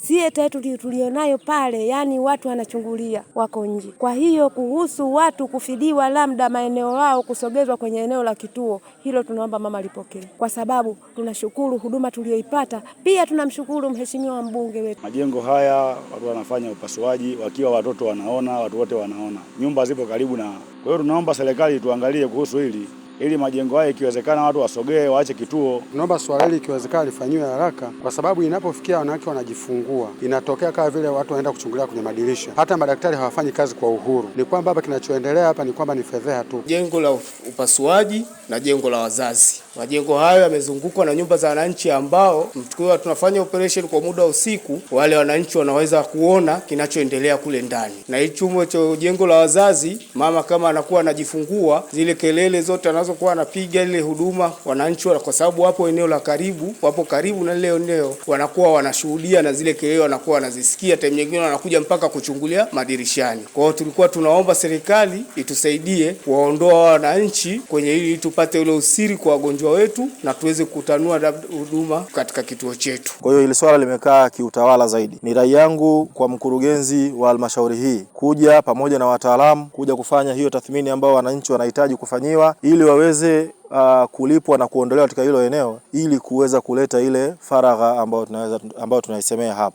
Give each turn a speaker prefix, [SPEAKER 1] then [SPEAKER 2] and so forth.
[SPEAKER 1] Theatre yetu tulionayo pale, yani watu wanachungulia wako nje. Kwa hiyo kuhusu watu kufidiwa labda maeneo yao kusogezwa kwenye eneo la kituo, hilo tunaomba mama lipokee, kwa sababu tunashukuru huduma tuliyoipata. Pia tunamshukuru mheshimiwa mbunge wetu.
[SPEAKER 2] Majengo haya watu wanafanya upasuaji wakiwa watoto wanaona, watu wote wanaona, nyumba zipo karibu na. Kwa hiyo tunaomba serikali tuangalie kuhusu hili ili majengo haya ikiwezekana watu wasogee waache kituo.
[SPEAKER 3] Tunaomba swala hili ikiwezekana lifanyiwe haraka, kwa sababu inapofikia wanawake wanajifungua, inatokea kama vile watu wanaenda kuchungulia kwenye madirisha, hata madaktari hawafanyi kazi kwa uhuru. Ni kwamba hapa kinachoendelea hapa ni kwamba ni fedheha tu.
[SPEAKER 4] Jengo la upasuaji na jengo la wazazi, majengo hayo yamezungukwa na nyumba za wananchi ambao tukiwa tunafanya operation kwa muda wa usiku, wale wananchi wanaweza kuona kinachoendelea kule ndani. Na hii chumba cha jengo la wazazi, mama kama anakuwa anajifungua, zile kelele zote anazo atakazokuwa wanapiga ile huduma wananchi, kwa sababu wapo eneo la karibu, wapo karibu na lile eneo, wanakuwa wanashuhudia na zile kelele wanakuwa wanazisikia, time nyingine wanakuja mpaka kuchungulia madirishani. Kwa hiyo tulikuwa tunaomba serikali itusaidie kuwaondoa wananchi kwenye ili tupate ule usiri kwa wagonjwa wetu na tuweze kutanua huduma katika kituo chetu.
[SPEAKER 2] Kwa hiyo ile swala limekaa kiutawala zaidi. Ni rai yangu kwa mkurugenzi wa halmashauri hii kuja pamoja na wataalamu kuja kufanya hiyo tathmini ambayo wananchi wanahitaji kufanyiwa ili wawe waweze uh, kulipwa na kuondolewa katika hilo eneo ili kuweza kuleta ile faragha ambayo tunaweza ambayo tunaisemea hapa.